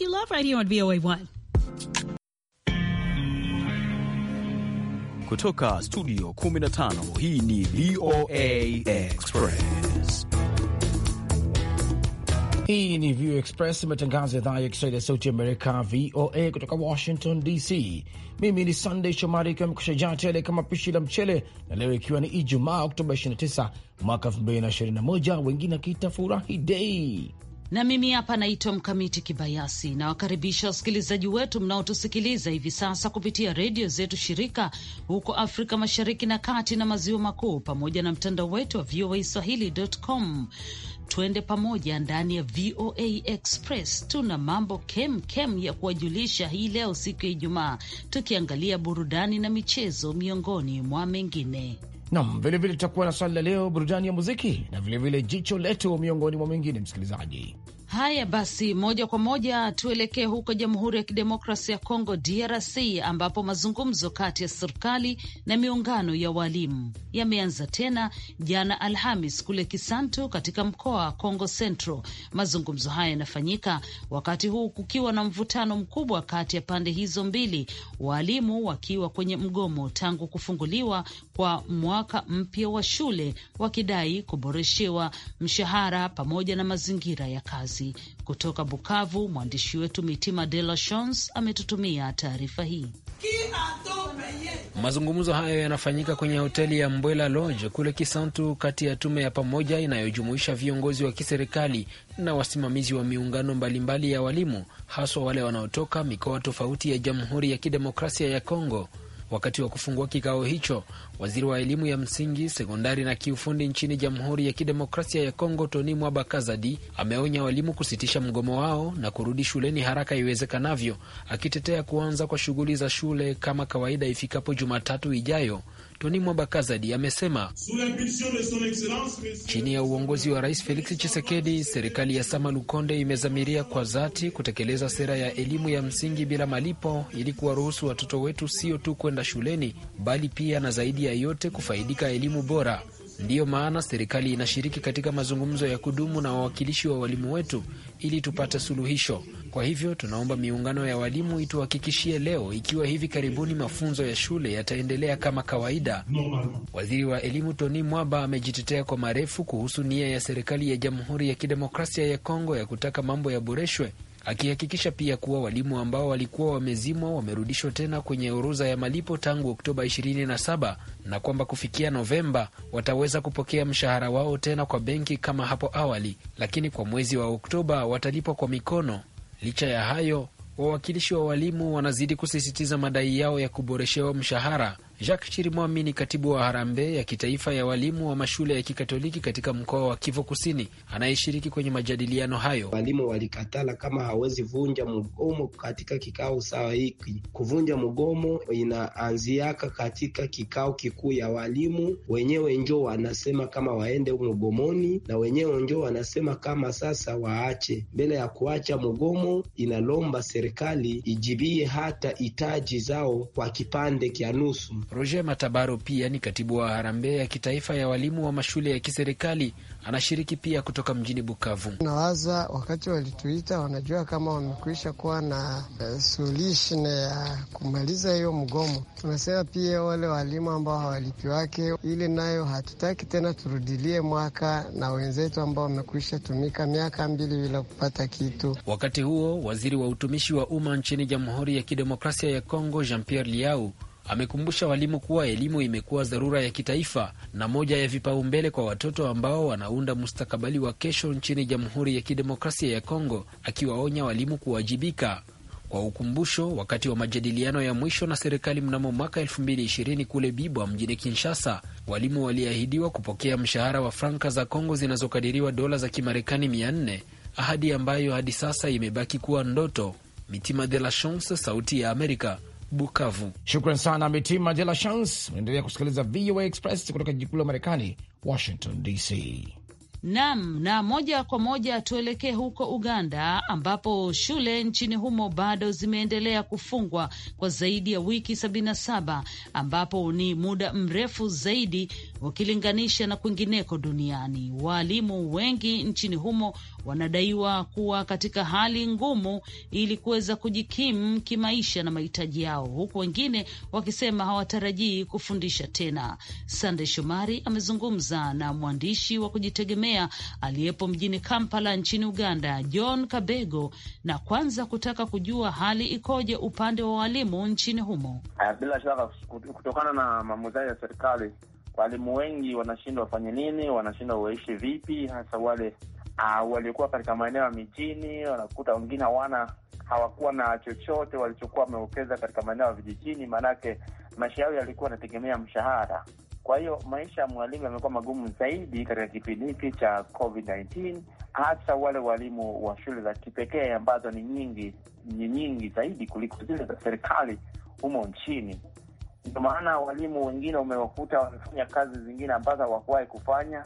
you love right here on VOA1. Kutoka studio 15 hii ni VOA Express. Hii ni VOA Express, matangazo ya idhaa ya Kiswahili ya sauti Amerika, VOA kutoka Washington DC. Mimi ni Sunday Shomari, ikiwa mekusha tele kama pishi la mchele, na leo ikiwa ni Ijumaa Oktoba 29 mwaka 2021, wengine akiita furahi dei na mimi hapa naitwa Mkamiti Kibayasi. Nawakaribisha wasikilizaji wetu mnaotusikiliza hivi sasa kupitia redio zetu shirika huko Afrika Mashariki na Kati na Maziwa Makuu, pamoja na mtandao wetu wa VOA Swahili.com. Twende pamoja ndani ya VOA Express. Tuna mambo kem kem ya kuwajulisha hii leo, siku ya Ijumaa, tukiangalia burudani na michezo miongoni mwa mengine. Nam, vilevile tutakuwa na swali la leo, burudani ya muziki na vilevile vile jicho letu, miongoni mwa mengine msikilizaji. Haya basi, moja kwa moja tuelekee huko Jamhuri ya Kidemokrasi ya Kongo, DRC, ambapo mazungumzo kati ya serikali na miungano ya walimu yameanza tena jana Alhamis kule Kisantu katika mkoa wa Kongo Central. Mazungumzo haya yanafanyika wakati huu kukiwa na mvutano mkubwa kati ya pande hizo mbili, walimu wakiwa kwenye mgomo tangu kufunguliwa kwa mwaka mpya wa shule, wakidai kuboreshewa mshahara pamoja na mazingira ya kazi kazi. Kutoka Bukavu, mwandishi wetu Mitima De La Chance ametutumia taarifa hii. Mazungumzo hayo yanafanyika kwenye hoteli ya Mbwela Lodge kule Kisantu, kati ya tume ya pamoja inayojumuisha viongozi wa kiserikali na wasimamizi wa miungano mbalimbali ya walimu, haswa wale wanaotoka mikoa tofauti ya Jamhuri ya Kidemokrasia ya Kongo. Wakati wa kufungua kikao hicho, waziri wa elimu ya msingi, sekondari na kiufundi nchini Jamhuri ya Kidemokrasia ya Kongo, Toni Mwaba Kazadi, ameonya walimu kusitisha mgomo wao na kurudi shuleni haraka iwezekanavyo, akitetea kuanza kwa shughuli za shule kama kawaida ifikapo Jumatatu ijayo Tony Mwabakazadi amesema chini ya uongozi wa Rais Felix Tshisekedi, serikali ya Sama Lukonde imezamiria kwa dhati kutekeleza sera ya elimu ya msingi bila malipo ili kuwaruhusu watoto wetu sio tu kwenda shuleni, bali pia na zaidi ya yote kufaidika elimu bora. Ndiyo maana serikali inashiriki katika mazungumzo ya kudumu na wawakilishi wa walimu wetu ili tupate suluhisho. Kwa hivyo tunaomba miungano ya walimu ituhakikishie leo ikiwa hivi karibuni mafunzo ya shule yataendelea kama kawaida. Waziri wa elimu Tony Mwaba amejitetea kwa marefu kuhusu nia ya serikali ya Jamhuri ya Kidemokrasia ya Kongo ya kutaka mambo yaboreshwe akihakikisha pia kuwa walimu ambao walikuwa wamezimwa wamerudishwa tena kwenye orodha ya malipo tangu Oktoba 27 na kwamba kufikia Novemba wataweza kupokea mshahara wao tena kwa benki kama hapo awali, lakini kwa mwezi wa Oktoba watalipwa kwa mikono. Licha ya hayo, wawakilishi wa walimu wanazidi kusisitiza madai yao ya kuboreshewa mshahara Jacques Chirimwami ni katibu wa harambee ya kitaifa ya walimu wa mashule ya kikatoliki katika mkoa wa Kivu Kusini, anayeshiriki kwenye majadiliano hayo. Walimu walikatala kama hawezi vunja mgomo katika kikao sawa hiki. Kuvunja mgomo inaanziaka katika kikao kikuu ya walimu wenyewe, njo wanasema kama waende mgomoni, na wenyewe njo wanasema kama sasa waache. Mbele ya kuacha mgomo, inalomba serikali ijibie hata hitaji zao kwa kipande kya nusu. Roger Matabaro pia ni katibu wa harambee ya kitaifa ya walimu wa mashule ya kiserikali, anashiriki pia kutoka mjini Bukavu. Nawaza wakati walituita, wanajua kama wamekwisha kuwa na uh, eh, solution ya kumaliza hiyo mgomo. Tunasema pia wale walimu ambao hawalipi wake, ili nayo hatutaki tena turudilie mwaka na wenzetu ambao wamekwisha tumika miaka mbili bila kupata kitu. Wakati huo waziri wa utumishi wa umma nchini Jamhuri ya Kidemokrasia ya Kongo Jean Pierre Liau Amekumbusha walimu kuwa elimu imekuwa dharura ya kitaifa na moja ya vipaumbele kwa watoto ambao wanaunda mustakabali wa kesho nchini Jamhuri ya Kidemokrasia ya Kongo, akiwaonya walimu kuwajibika kwa ukumbusho wakati wa majadiliano ya mwisho na serikali mnamo mwaka 2020 kule Bibwa mjini Kinshasa, walimu waliahidiwa kupokea mshahara wa franka za Kongo zinazokadiriwa dola za Kimarekani 400, ahadi ambayo hadi sasa imebaki kuwa ndoto. Mitima de la Chance, Sauti ya Amerika, Bukavu. Shukran sana Mitima de la Chance. Unaendelea kusikiliza VOA Express kutoka jiji kuu la Marekani, Washington DC. Nam na moja kwa moja tuelekee huko Uganda ambapo shule nchini humo bado zimeendelea kufungwa kwa zaidi ya wiki 77 ambapo ni muda mrefu zaidi ukilinganisha na kwingineko duniani. Waalimu wengi nchini humo wanadaiwa kuwa katika hali ngumu ili kuweza kujikimu kimaisha na mahitaji yao, huku wengine wakisema hawatarajii kufundisha tena. Sande Shomari amezungumza na mwandishi wa kujitegemea aliyepo mjini Kampala nchini Uganda, John Kabego, na kwanza kutaka kujua hali ikoje upande wa walimu nchini humo. Eh, bila shaka kutokana na maamuzi ya serikali, walimu wengi wanashindwa wafanye nini, wanashindwa waishi vipi, hasa wale uh, waliokuwa katika maeneo ya mijini, wanakuta wengine hawana hawakuwa na chochote walichokuwa wamewekeza katika maeneo ya vijijini, maanake maisha yao yalikuwa yanategemea mshahara. Kwa hiyo maisha ya mwalimu yamekuwa magumu zaidi katika kipindi hiki cha COVID-19, hasa wale walimu wa shule za kipekee ambazo ni nyingi ni nyingi zaidi kuliko zile za serikali humo nchini. Ndio maana walimu wengine umewakuta wamefanya kazi zingine ambazo hawakuwahi kufanya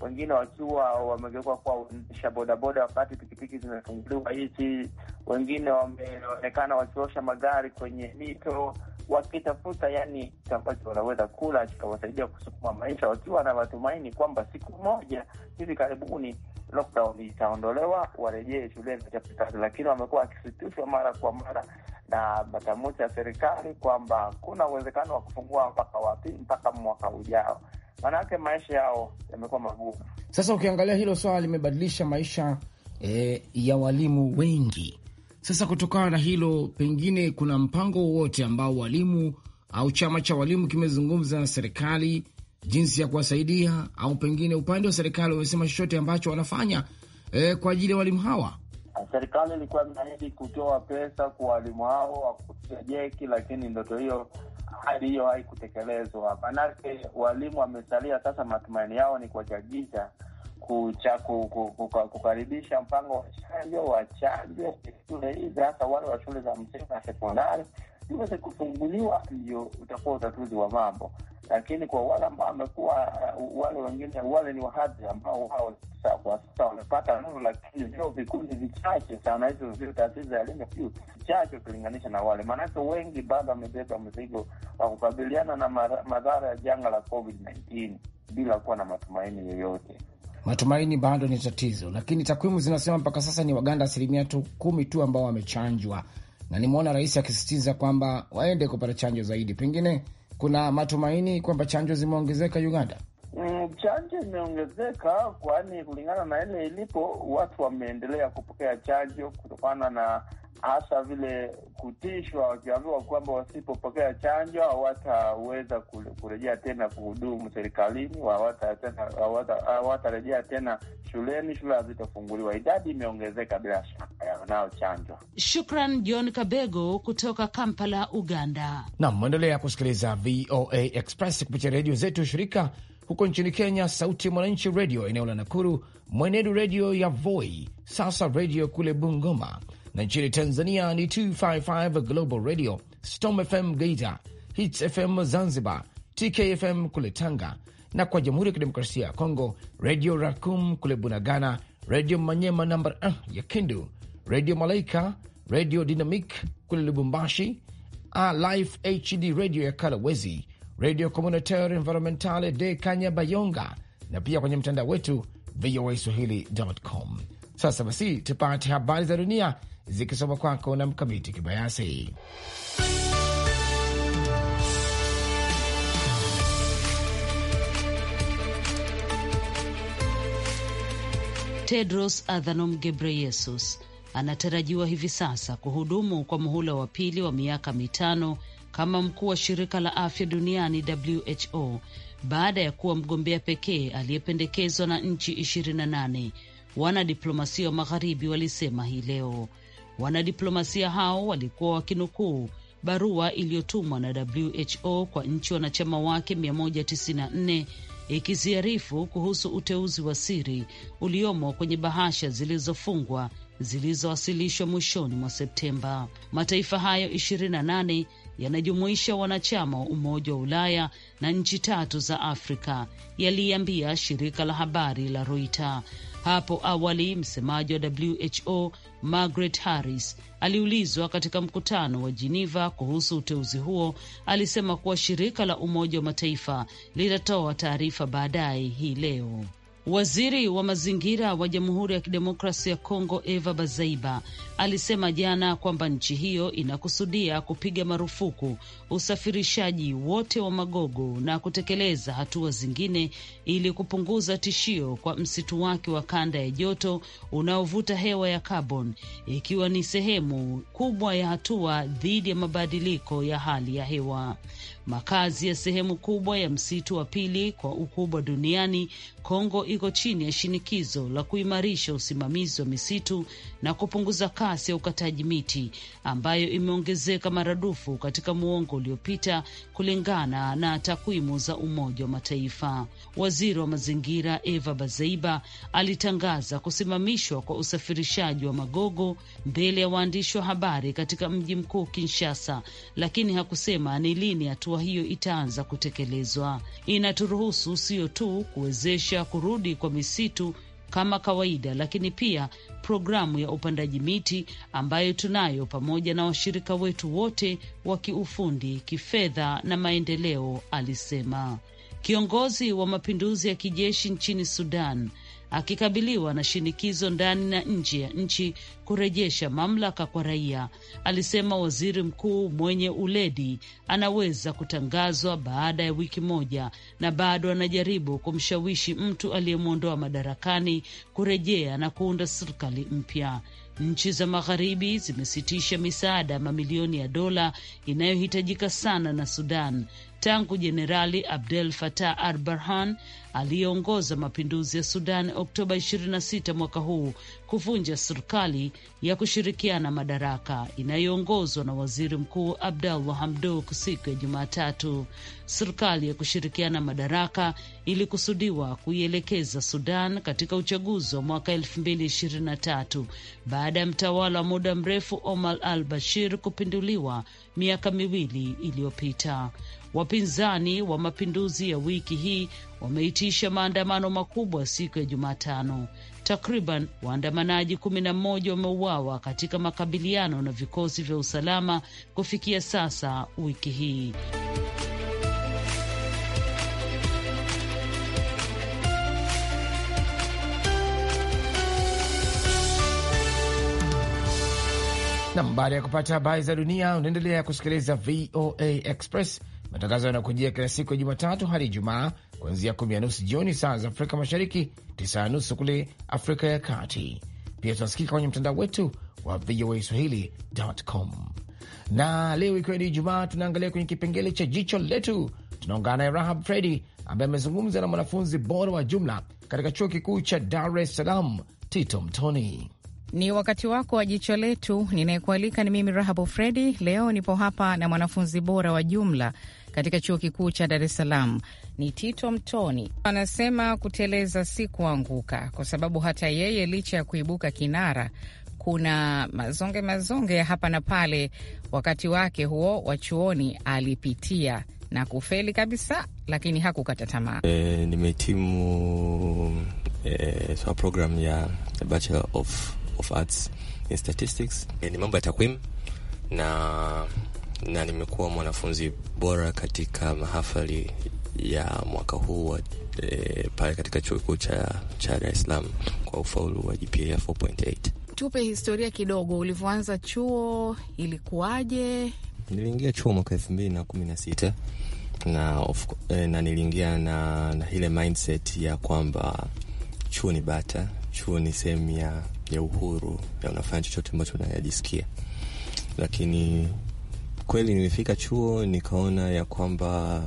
wengine wakiwa wamegeuka kuwa waendesha bodaboda wakati pikipiki zimefunguliwa hizi, wengine wameonekana wakiosha magari kwenye mito wakitafuta yani kitu ambacho wanaweza kula kikawasaidia kusukuma maisha, wakiwa na matumaini kwamba siku moja hivi karibuni lockdown itaondolewa, warejee shuleni wachape kazi. Lakini wamekuwa wakisitishwa mara kwa mara na matamshi ya serikali kwamba kuna uwezekano wa kufungua mpaka wapi, mpaka mwaka ujao maanake maisha yao yamekuwa magumu. Sasa ukiangalia hilo swala limebadilisha maisha e, ya walimu wengi. Sasa kutokana na hilo, pengine kuna mpango wowote ambao walimu au chama cha walimu kimezungumza na serikali jinsi ya kuwasaidia, au pengine upande wa serikali wamesema chochote ambacho wanafanya e, kwa ajili ya walimu hawa? Serikali ilikuwa imeahidi kutoa pesa kwa walimu hao wa jeki, lakini ndoto hiyo ahadi hiyo haikutekelezwa, manake walimu wamesalia sasa, matumaini yao ni kuwachajisha kucha kukaribisha mpango wa chanjo wa chanjo shule hizi hasa wale wa shule za msingi na sekondari iweze kufunguliwa, ndio utakuwa utatuzi wa mambo. Lakini kwa wale ambao wamekuwa uh, wale wengine, wale ni wahadhi ambao wao kwa sasa wamepata nuru, lakini vio vikundi vichache sana, hizo vio taasisi za elimu ya vichache ukilinganisha na wale, maanake wengi bado wamebeba mzigo wa kukabiliana na madhara ya janga la COVID-19 bila kuwa na matumaini yoyote. Matumaini bado ni tatizo, lakini takwimu zinasema mpaka sasa ni Waganda asilimia tu kumi tu ambao wamechanjwa na nimeona rais akisisitiza kwamba waende kupata chanjo zaidi. Pengine kuna matumaini kwamba chanjo zimeongezeka Uganda. Mm, chanjo imeongezeka, kwani kulingana na ile ilipo, watu wameendelea kupokea chanjo kutokana na hasa vile kutishwa, wakiambiwa kwamba wasipopokea chanjo hawataweza kurejea tena kuhudumu serikalini, hawatarejea tena shuleni, shule hazitafunguliwa. Idadi imeongezeka bila shaka wanayochanjwa. Shukran John Kabego kutoka Kampala, Uganda. Nam mwendelea kusikiliza VOA Express kupitia redio zetu shirika huko nchini Kenya, Sauti ya Mwananchi redio eneo la Nakuru, Mwenedu redio ya Voi, sasa redio kule Bungoma, na nchini Tanzania ni 255 Global Radio, Storm FM Geita, Hits FM Zanzibar, TKFM kule Tanga, na kwa Jamhuri ya Kidemokrasia ya Kongo, Redio Rakum kule Bunagana, Redio Manyema namba ah, ya Kindu, Redio Malaika, Redio Dynamic kule Lubumbashi, Life HD Radio ya Kalawezi, radio Communautaire Environmentale de Kanyabayonga, na pia kwenye mtandao wetu voa swahili.com. Sasa basi tupate habari za dunia zikisoma kwako na Mkamiti Kibayasi. Tedros Adhanom Ghebreyesus anatarajiwa hivi sasa kuhudumu kwa muhula wa pili wa miaka mitano kama mkuu wa shirika la afya duniani WHO baada ya kuwa mgombea pekee aliyependekezwa na nchi 28, wanadiplomasia wa magharibi walisema hii leo. Wanadiplomasia hao walikuwa wakinukuu barua iliyotumwa na WHO kwa nchi wanachama wake 194 ikiziarifu kuhusu uteuzi wa siri uliomo kwenye bahasha zilizofungwa zilizowasilishwa mwishoni mwa Septemba. Mataifa hayo 28 yanajumuisha wanachama wa Umoja wa Ulaya na nchi tatu za Afrika, yaliiambia shirika la habari la Reuters. Hapo awali msemaji wa WHO Margaret Harris aliulizwa katika mkutano wa Geneva kuhusu uteuzi huo, alisema kuwa shirika la Umoja wa Mataifa litatoa taarifa baadaye hii leo. Waziri wa mazingira wa Jamhuri ya Kidemokrasia ya Kongo Eva Bazaiba alisema jana kwamba nchi hiyo inakusudia kupiga marufuku usafirishaji wote wa magogo na kutekeleza hatua zingine ili kupunguza tishio kwa msitu wake wa kanda ya joto unaovuta hewa ya kaboni, ikiwa ni sehemu kubwa ya hatua dhidi ya mabadiliko ya hali ya hewa. Makazi ya sehemu kubwa ya msitu wa pili kwa ukubwa duniani, Kongo iko chini ya shinikizo la kuimarisha usimamizi wa misitu na kupunguza kasi ya ukataji miti ambayo imeongezeka maradufu katika muongo uliopita kulingana na takwimu za Umoja wa Mataifa. Waziri wa mazingira Eva Bazeiba alitangaza kusimamishwa kwa usafirishaji wa magogo mbele ya waandishi wa habari katika mji mkuu Kinshasa, lakini hakusema ni lini hatua hiyo itaanza kutekelezwa. Inaturuhusu sio tu kuwezesha kurudi kwa misitu kama kawaida, lakini pia programu ya upandaji miti ambayo tunayo pamoja na washirika wetu wote wa kiufundi, kifedha na maendeleo, alisema kiongozi wa mapinduzi ya kijeshi nchini Sudan akikabiliwa na shinikizo ndani na nje ya nchi kurejesha mamlaka kwa raia. Alisema waziri mkuu mwenye uledi anaweza kutangazwa baada ya wiki moja, na bado anajaribu kumshawishi mtu aliyemwondoa madarakani kurejea na kuunda serikali mpya. Nchi za magharibi zimesitisha misaada mamilioni ya dola inayohitajika sana na Sudan tangu Jenerali Abdel Fattah al Burhan aliyeongoza mapinduzi ya Sudan Oktoba 26 mwaka huu kuvunja serikali ya kushirikiana madaraka inayoongozwa na waziri mkuu Abdallah Hamdok siku ya Jumatatu. Serikali ya kushirikiana madaraka ilikusudiwa kuielekeza Sudan katika uchaguzi wa mwaka 2023 baada ya mtawala wa muda mrefu Omar al Bashir kupinduliwa miaka miwili iliyopita. Wapinzani wa mapinduzi ya wiki hii wameitisha maandamano makubwa siku ya Jumatano. Takriban waandamanaji kumi na mmoja wameuawa katika makabiliano na vikosi vya usalama kufikia sasa wiki hii. Nam, baada ya kupata habari za dunia, unaendelea kusikiliza VOA Express. Matangazo yanakujia kila siku ya Jumatatu hadi Ijumaa, kuanzia kumi na nusu jioni saa za Afrika Mashariki, tisa na nusu kule Afrika ya Kati. Pia tunasikika kwenye mtandao wetu wa VOA Swahili.com. Na leo ikiwa ni Ijumaa, tunaangalia kwenye kipengele cha jicho letu. Tunaungana naye Rahab Fredi ambaye amezungumza na mwanafunzi bora wa jumla katika chuo kikuu cha Dar es Salaam, Tito Mtoni. Ni wakati wako wa jicho letu. Ninayekualika ni mimi Rahabu Fredi. Leo nipo hapa na mwanafunzi bora wa jumla katika chuo kikuu cha Dar es Salaam ni Tito Mtoni. Anasema kuteleza si kuanguka, kwa sababu hata yeye licha ya kuibuka kinara, kuna mazonge mazonge ya hapa na pale. Wakati wake huo wa chuoni alipitia na kufeli kabisa, lakini hakukata tamaa. E, nimehitimu e, so program ya Bachelor of of Arts in Statistics. Eh, ni mambo ya takwimu na, na nimekuwa mwanafunzi bora katika mahafali ya mwaka huu wa e, pale katika chuo kikuu cha cha Dar es Salaam kwa ufaulu wa GPA 4.8. Tupe historia kidogo, ulivyoanza chuo ilikuwaje? Niliingia chuo mwaka elfu mbili na kumi na sita na, eh, na niliingia na, na ile mindset ya kwamba chuo ni bata, chuo ni sehemu ya, ya uhuru ya unafanya chochote ambacho unayajisikia, lakini kweli nilifika chuo nikaona ya kwamba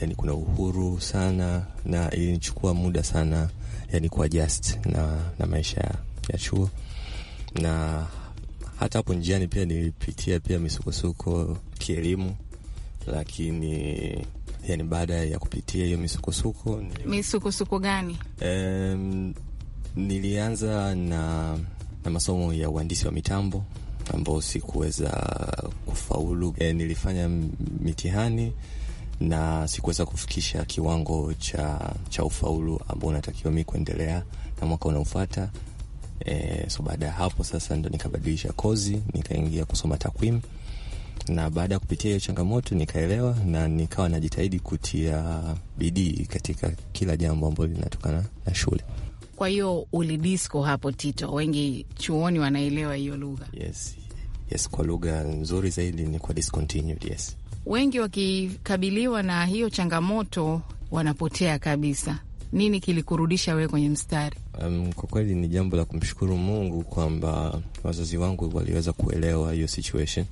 yani kuna uhuru sana, na ilinichukua muda sana yani kuadjust na, na maisha ya chuo, na hata hapo njiani pia nilipitia pia misukosuko kielimu, lakini yani baada ya kupitia hiyo misukosuko, misukosuko gani? Um, Nilianza na, na masomo ya uhandisi wa mitambo ambao sikuweza kufaulu. E, nilifanya mitihani na sikuweza kufikisha kiwango cha, cha ufaulu ambao unatakiwa mi kuendelea na mwaka unaofata. E, so baada ya hapo sasa ndo nikabadilisha kozi nikaingia kusoma takwimu, na baada ya kupitia hiyo changamoto nikaelewa na nikawa najitahidi kutia bidii katika kila jambo ambalo linatokana na shule. Kwa hiyo ulidisco hapo Tito, wengi chuoni wanaelewa hiyo lugha. Yes. Yes, kwa lugha nzuri zaidi ni kwa discontinued, yes. Wengi wakikabiliwa na hiyo changamoto wanapotea kabisa. Nini kilikurudisha wewe kwenye mstari? Um, kwa kweli ni jambo la kumshukuru Mungu kwamba wazazi wangu waliweza kuelewa hiyo situation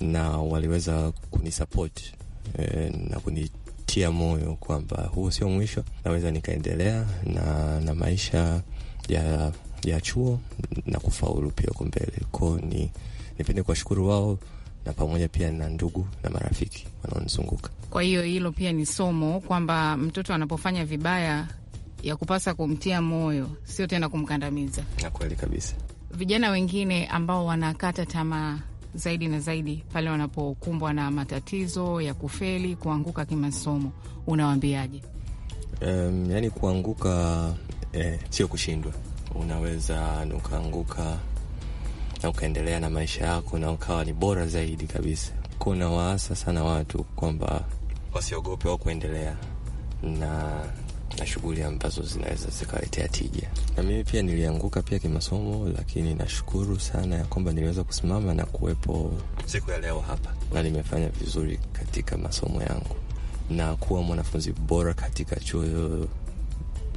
na waliweza kunisupport eh, na kuni kutia moyo kwamba huu sio mwisho, naweza nikaendelea na, na maisha ya, ya chuo na kufaulu pia huko mbele ko ni nipende kuwashukuru wao na pamoja pia na ndugu na marafiki wanaonizunguka. Kwa hiyo hilo pia ni somo kwamba mtoto anapofanya vibaya ya kupasa kumtia moyo, sio tena kumkandamiza. Na kweli kabisa, vijana wengine ambao wanakata tamaa zaidi na zaidi pale wanapokumbwa na matatizo ya kufeli, kuanguka kimasomo, unawaambiaje? Um, yani kuanguka eh, sio kushindwa. Unaweza ukaanguka na ukaendelea na maisha yako na ukawa ni bora zaidi kabisa. Kuna waasa sana watu kwamba wasiogope wa kuendelea na na shughuli ambazo zinaweza zikaletea tija. Na mimi pia nilianguka pia kimasomo, lakini nashukuru sana ya kwamba niliweza kusimama na kuwepo siku ya leo hapa, na nimefanya vizuri katika masomo yangu na kuwa mwanafunzi bora katika chuo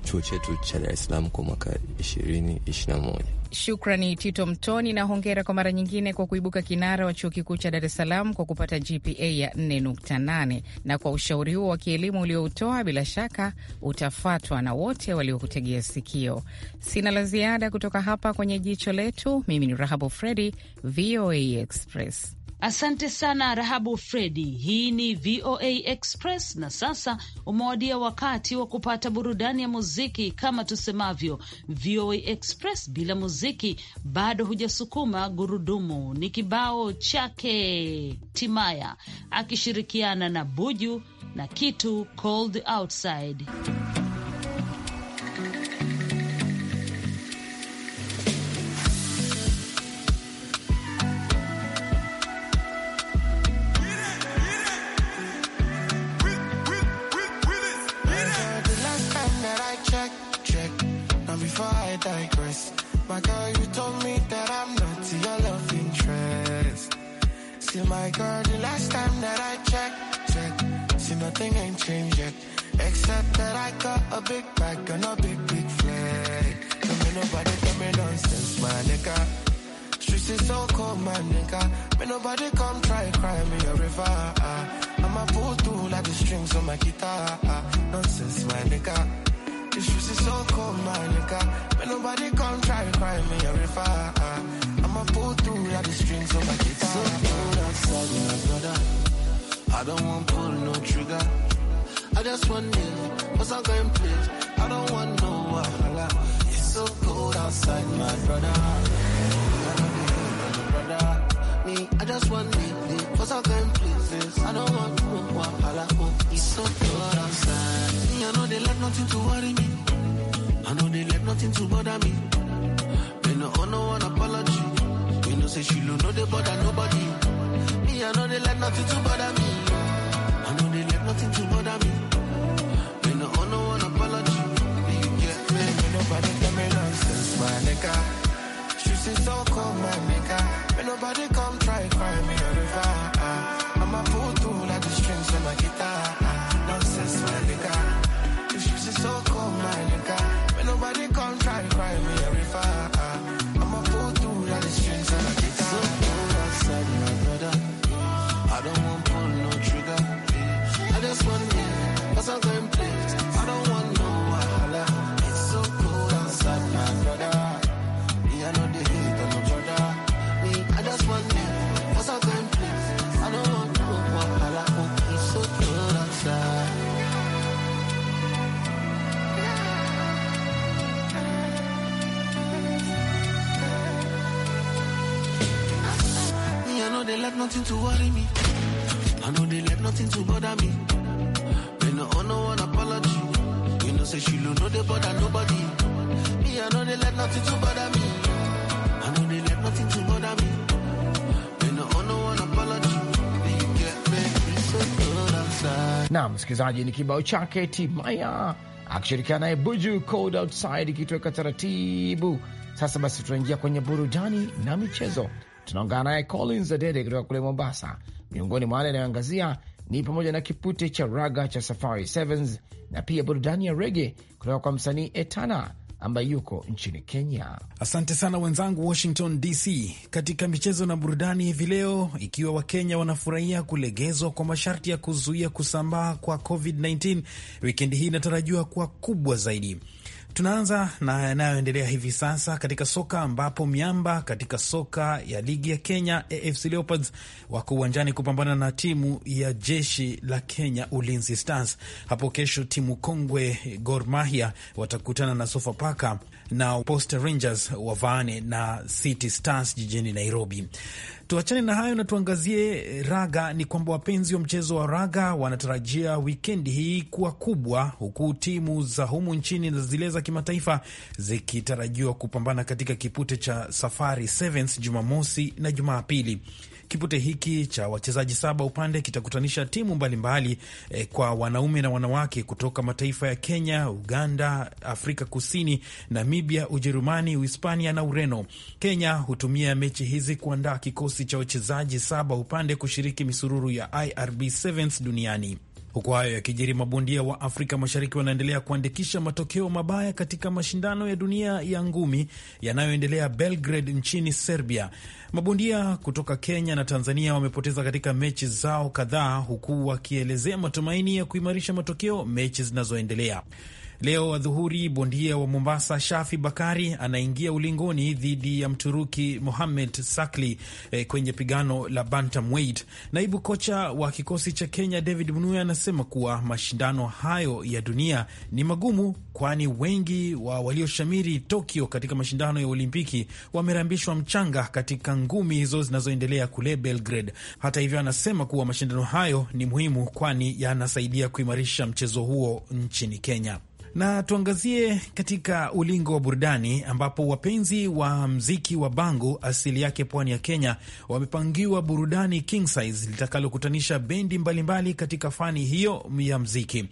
chuo chetu cha Dar es Salaam kwa mwaka ishirini ishirini na moja. Shukrani Tito Mtoni, na hongera kwa mara nyingine kwa kuibuka kinara wa chuo kikuu cha Dar es Salaam kwa kupata GPA ya 4.8 na kwa ushauri huo wa kielimu ulioutoa, bila shaka utafatwa na wote waliokutegea sikio. Sina la ziada kutoka hapa kwenye jicho letu. Mimi ni Rahabu Fredi, VOA Express. Asante sana Rahabu Fredi. Hii ni VOA Express, na sasa umewadia wakati wa kupata burudani ya muziki. Kama tusemavyo, VOA Express bila muziki bado hujasukuma gurudumu. Ni kibao chake Timaya akishirikiana na Buju na kitu Cold Outside. nothing ain't changed yet. Except that I got a big bag and a big, big flag. Tell me nobody tell me nonsense, my nigga. Streets is so cold, my nigga. May nobody come try cry me a river. I'ma pull through like the strings on my guitar. Nonsense, my nigga. The streets is so cold, my nigga. May nobody come try cry me a river. I'ma pull through like the strings on my guitar. So cold outside, my brother. I don't want pull no trigger. I just want you, cause I'm going place. I don't want no wahala. It's so cold outside, my brother. brother. Me, I just want me, cause I'm going places. I don't want no wahala. Oh, it's so cold outside. Me, I know they left nothing to worry me. I know they left nothing to bother me. They no owe oh, no one apology. We know, say she don't know they bother nobody. Me, I know they left nothing to bother me nothing to bother me. Me oh, no owe no one apology. You get me? Me nobody tell me nonsense, my nigga. She say so cold, my nigga. Me nobody come try cry me. nothing to worry me. I know they let nothing to bother me. They no owe no one apology. You know say she no they bother nobody. Me I know they let nothing to bother me. I know they let nothing to bother me. They no owe one apology. You get me so good outside. Na msikizaji ni kibao chake Timaya akishirikiana naye Buju Cold Outside ikitoweka taratibu. Sasa basi tunaingia kwenye burudani na michezo tunaongana naye Collins Adede kutoka kule Mombasa. Miongoni mwa wale anayoangazia ni pamoja na kipute cha raga cha Safari Sevens na pia burudani ya rege kutoka kwa msanii Etana ambaye yuko nchini Kenya. Asante sana wenzangu Washington DC. Katika michezo na burudani hivi leo, ikiwa Wakenya wanafurahia kulegezwa kwa masharti ya kuzuia kusambaa kwa COVID-19, wikendi hii inatarajiwa kuwa kubwa zaidi. Tunaanza na yanayoendelea hivi sasa katika soka ambapo miamba katika soka ya ligi ya Kenya AFC Leopards wako uwanjani kupambana na timu ya jeshi la Kenya Ulinzi Stars. Hapo kesho timu kongwe Gor Mahia watakutana na Sofapaka na Posta Rangers wavaane na City Stars jijini Nairobi. Tuachane na hayo na tuangazie eh, raga. Ni kwamba wapenzi wa mchezo wa raga wanatarajia wikendi hii kuwa kubwa, huku timu za humu nchini na zile za kimataifa zikitarajiwa kupambana katika kipute cha Safari Sevens Jumamosi na Jumapili. Kipute hiki cha wachezaji saba upande kitakutanisha timu mbalimbali mbali, eh, kwa wanaume na wanawake kutoka mataifa ya Kenya, Uganda, Afrika Kusini, Namibia, Ujerumani, Uhispania na Ureno. Kenya hutumia mechi hizi kuandaa kikosi cha wachezaji saba upande kushiriki misururu ya IRB Sevens duniani. Huku hayo yakijiri, mabondia wa Afrika Mashariki wanaendelea kuandikisha matokeo mabaya katika mashindano ya dunia ya ngumi yanayoendelea Belgrade nchini Serbia. Mabondia kutoka Kenya na Tanzania wamepoteza katika mechi zao kadhaa, huku wakielezea matumaini ya kuimarisha matokeo mechi zinazoendelea. Leo adhuhuri, bondia wa Mombasa Shafi Bakari anaingia ulingoni dhidi ya Mturuki Mohamed Sakli eh, kwenye pigano la bantamweight. Naibu kocha wa kikosi cha Kenya David Munuya anasema kuwa mashindano hayo ya dunia ni magumu, kwani wengi wa walioshamiri Tokyo katika mashindano ya Olimpiki wamerambishwa mchanga katika ngumi hizo zinazoendelea kule Belgrade. Hata hivyo, anasema kuwa mashindano hayo ni muhimu, kwani yanasaidia kuimarisha mchezo huo nchini Kenya. Na tuangazie katika ulingo wa burudani ambapo wapenzi wa mziki wa bangu asili yake pwani ya Kenya wamepangiwa burudani king size litakalokutanisha bendi mbalimbali mbali katika fani hiyo ya mziki.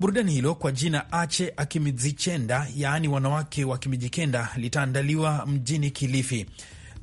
Burudani hilo kwa jina Ache Akimizichenda, yaani wanawake wa Kimijikenda, litaandaliwa mjini Kilifi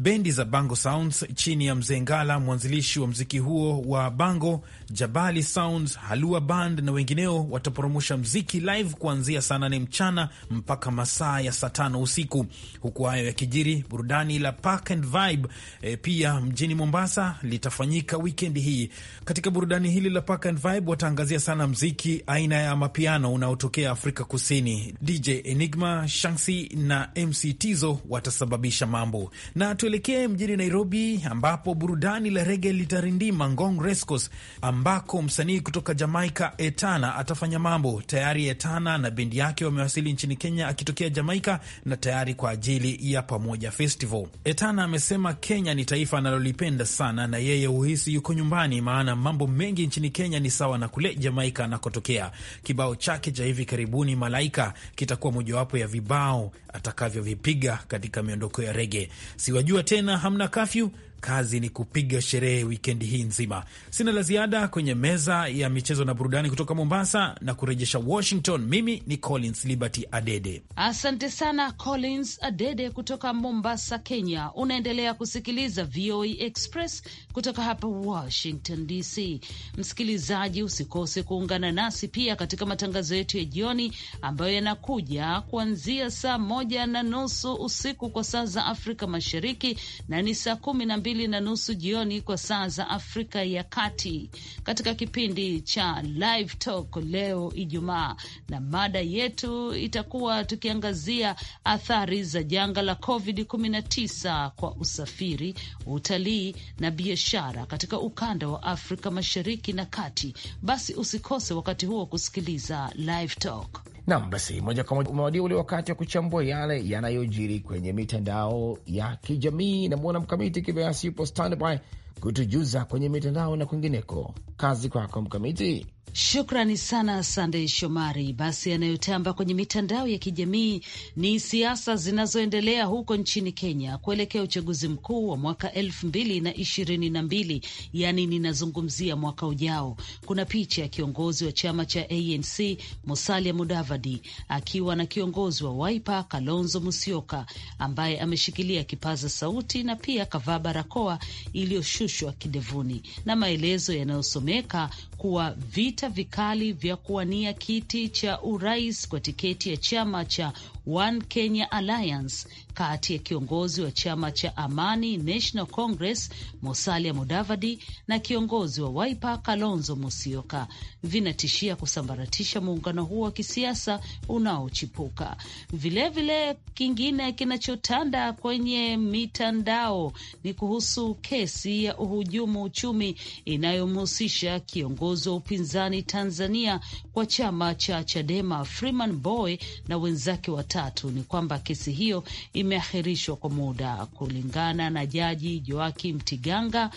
bendi za Bango Sounds chini ya Mzee Ngala, mwanzilishi wa mziki huo wa Bango, Jabali Sounds, Halua Band na wengineo wataporomosha mziki live kuanzia saa nane mchana mpaka masaa ya saa tano usiku. Huku hayo yakijiri, burudani la Park and Vibe e, pia mjini Mombasa litafanyika wikendi hii. Katika burudani hili la Park and Vibe wataangazia sana mziki aina ya mapiano unaotokea Afrika Kusini. DJ Enigma, Shansi na MC Tizo watasababisha mambo na tuelekee mjini Nairobi ambapo burudani la rege litarindima Ngong Rescos, ambako msanii kutoka Jamaika Etana atafanya mambo. Tayari Etana na bendi yake wamewasili nchini Kenya akitokea Jamaika na tayari kwa ajili ya Pamoja Festival. Etana amesema Kenya ni taifa analolipenda sana na yeye huhisi yuko nyumbani, maana mambo mengi nchini Kenya ni sawa na kule Jamaika anakotokea. Kibao chake cha hivi karibuni Malaika kitakuwa mojawapo ya vibao atakavyovipiga katika miondoko ya rege. Siwajua tena, hamna kafyu kazi ni kupiga sherehe wikendi hii nzima. Sina la ziada kwenye meza ya michezo na burudani kutoka Mombasa na kurejesha Washington. Mimi ni Collins Liberty Adede. Asante sana Collins Adede kutoka Mombasa, Kenya. Unaendelea kusikiliza VOA Express kutoka hapa Washington DC. Msikilizaji, usikose kuungana nasi pia katika matangazo yetu ya jioni ambayo yanakuja kuanzia saa moja na nusu usiku kwa saa za Afrika Mashariki na ni saa kumi na mbili mbili na nusu jioni kwa saa za Afrika ya Kati, katika kipindi cha Live Talk leo Ijumaa, na mada yetu itakuwa tukiangazia athari za janga la COVID-19 kwa usafiri, utalii na biashara katika ukanda wa Afrika Mashariki na Kati. Basi usikose wakati huo kusikiliza Live Talk. Nam, basi moja kwa moja umewadia ule wakati wa kuchambua yale yanayojiri kwenye mitandao ya kijamii. Namwona Mkamiti Kibayasi yupo standby kutujuza kwenye mitandao na kwingineko. Kazi kwako Mkamiti. Shukrani sana Sandey Shomari. Basi yanayotamba kwenye mitandao ya kijamii ni siasa zinazoendelea huko nchini Kenya kuelekea uchaguzi mkuu wa mwaka elfu mbili na ishirini na mbili, yaani ninazungumzia mwaka ujao. Kuna picha ya kiongozi wa chama cha ANC Musalia Mudavadi akiwa na kiongozi wa Waipa Kalonzo Musyoka ambaye ameshikilia kipaza sauti na pia kavaa barakoa iliyoshushwa kidevuni na maelezo yanayosomeka kuwa vi vita vikali vya kuwania kiti cha urais kwa tiketi ya chama cha One Kenya Alliance kati ya kiongozi wa chama cha Amani National Congress Musalia Mudavadi na kiongozi wa Waipa Kalonzo Musyoka vinatishia kusambaratisha muungano huo wa kisiasa unaochipuka. Vilevile, kingine kinachotanda kwenye mitandao ni kuhusu kesi ya uhujumu uchumi inayomhusisha kiongozi wa upinzani Tanzania kwa chama cha Chadema Freeman Boy na wenzake watatu. Ni kwamba kesi hiyo imeahirishwa kwa muda kulingana na Jaji Joakim Tiganga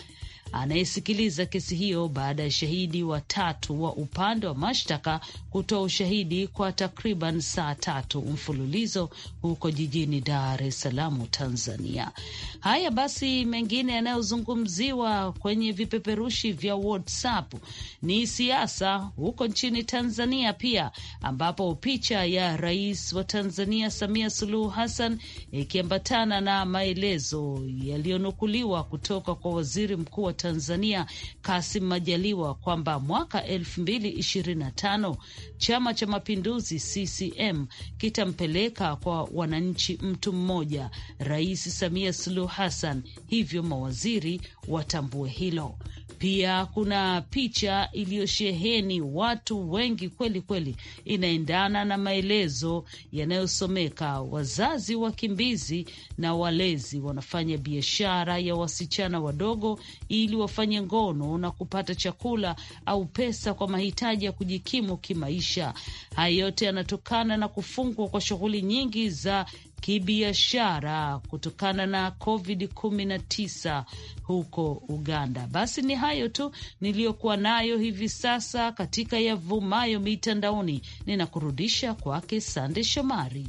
anayesikiliza kesi hiyo baada ya shahidi watatu wa upande wa mashtaka kutoa ushahidi kwa takriban saa tatu mfululizo huko jijini Dar es Salaam, Tanzania. Haya basi, mengine yanayozungumziwa kwenye vipeperushi vya WhatsApp ni siasa huko nchini Tanzania pia, ambapo picha ya rais wa Tanzania Samia Suluhu Hassan ikiambatana na maelezo yaliyonukuliwa kutoka kwa waziri mkuu wa Tanzania Kasim Majaliwa kwamba mwaka 2025 Chama cha Mapinduzi CCM kitampeleka kwa wananchi mtu mmoja, Rais Samia Suluhu Hassan, hivyo mawaziri watambue hilo. Pia kuna picha iliyosheheni watu wengi kweli kweli, inaendana na maelezo yanayosomeka wazazi wakimbizi na walezi wanafanya biashara ya wasichana wadogo ili ili wafanye ngono na kupata chakula au pesa kwa mahitaji ya kujikimu kimaisha. Haya yote yanatokana na kufungwa kwa shughuli nyingi za kibiashara kutokana na Covid 19 huko Uganda. Basi ni hayo tu niliyokuwa nayo hivi sasa katika yavumayo mitandaoni. Ninakurudisha kwake Sande Shomari.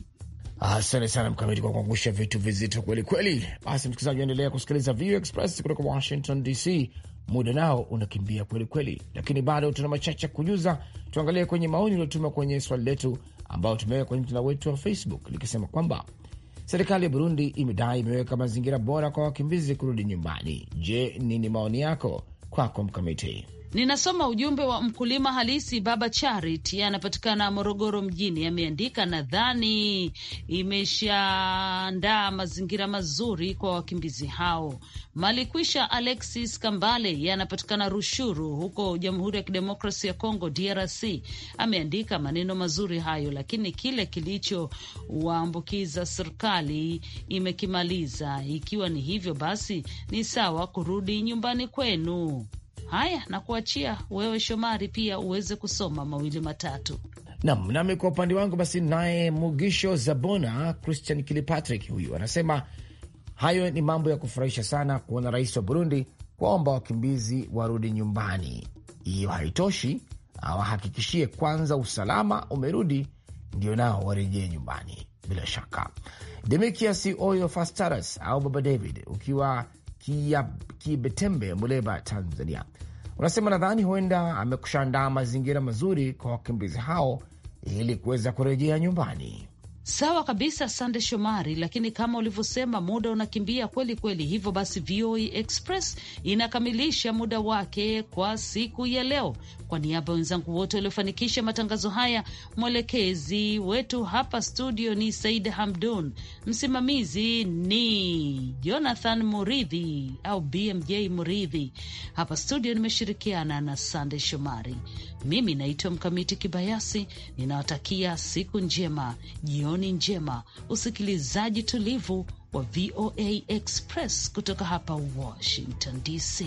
Asante sana Mkamiti kwa kuangusha vitu vizito kweli kweli. Basi msikilizaji, endelea kusikiliza VOA Express kutoka Washington DC. Muda nao unakimbia kweli kweli, lakini bado tuna machache kujuza. Tuangalie kwenye maoni uliotuma kwenye swali letu ambayo tumeweka kwenye mtandao wetu wa Facebook likisema kwamba serikali ya Burundi imedai imeweka mazingira bora kwa wakimbizi kurudi nyumbani. Je, nini maoni yako? Kwako Mkamiti. Ninasoma ujumbe wa mkulima halisi Baba Charity, anapatikana Morogoro mjini, ameandika nadhani imeshaandaa mazingira mazuri kwa wakimbizi hao. Malikwisha Alexis Kambale yanapatikana Rushuru huko Jamhuri ya Kidemokrasi ya congo DRC ameandika maneno mazuri hayo, lakini kile kilichowaambukiza serikali imekimaliza. Ikiwa ni hivyo basi, ni sawa kurudi nyumbani kwenu. Haya, na kuachia wewe Shomari pia uweze kusoma mawili matatu. Nam nami kwa upande wangu basi, naye Mugisho Zabona Christian Kilipatrick huyu anasema hayo ni mambo ya kufurahisha sana kuona rais wa Burundi kuwaomba wakimbizi warudi nyumbani. Hiyo haitoshi, awahakikishie kwanza usalama umerudi, ndio nao warejee nyumbani. Bila shaka Demikias Oyo Fastaras au Baba David, ukiwa Kibetembe, Muleba, Tanzania. Unasema nadhani huenda amekushaandaa mazingira mazuri kwa wakimbizi hao ili kuweza kurejea nyumbani. Sawa kabisa, asante Shomari, lakini kama ulivyosema muda unakimbia kweli kweli. Hivyo basi, VOA e Express inakamilisha muda wake kwa siku ya leo. Kwa niaba ya wenzangu wote waliofanikisha matangazo haya, mwelekezi wetu hapa studio ni said Hamdun, msimamizi ni Jonathan Muridhi au BMJ Muridhi. Hapa studio nimeshirikiana na Sande Shomari. Mimi naitwa Mkamiti Kibayasi, ninawatakia siku njema jioni jioni njema, usikilizaji tulivu wa VOA Express kutoka hapa Washington DC.